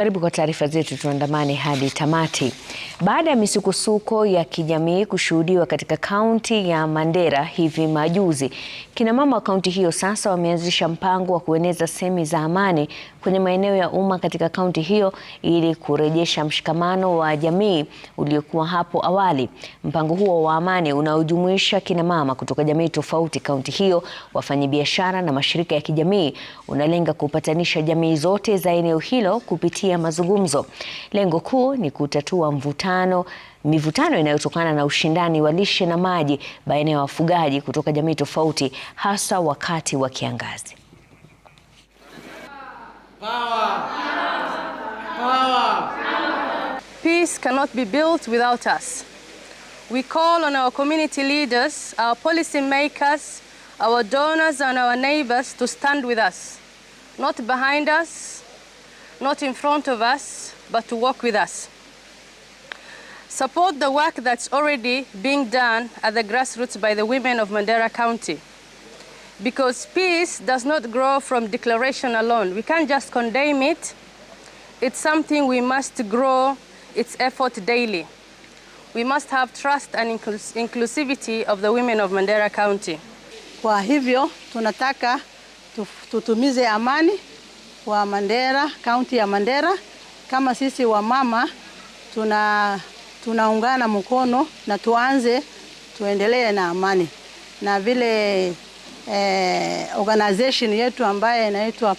Karibu kwa taarifa zetu, tuandamane hadi tamati. Baada ya misukosuko ya kijamii kushuhudiwa katika kaunti ya Mandera hivi majuzi, kina mama wa kaunti hiyo sasa wameanzisha mpango wa kueneza semi za amani kwenye maeneo ya umma katika kaunti hiyo ili kurejesha mshikamano wa jamii uliokuwa hapo awali. Mpango huo wa amani unaojumuisha kina mama kutoka jamii tofauti kaunti hiyo, wafanyabiashara na mashirika ya kijamii, unalenga kupatanisha jamii zote za eneo hilo kupitia kupitia mazungumzo. Lengo kuu ni kutatua mvutano mivutano inayotokana na ushindani wa lishe na maji baina ya wafugaji kutoka jamii tofauti hasa wakati wa kiangazi. Power. Power. Peace cannot be built without us. We call on our community leaders, our policy makers, our donors and our neighbors to stand with us, not behind us, not in front of us, but to walk with us. Support the work that's already being done at the grassroots by the women of Mandera County. Because peace does not grow from declaration alone. We can't just condemn it. It's something we must grow its effort daily. We must have trust and inclus inclusivity of the women of Mandera County. Kwa hivyo tunataka tutumize amani wa Mandera, kaunti ya Mandera. Kama sisi wamama tuna tunaungana mkono na tuanze tuendelee na amani na vile eh, organization yetu ambaye inaitwa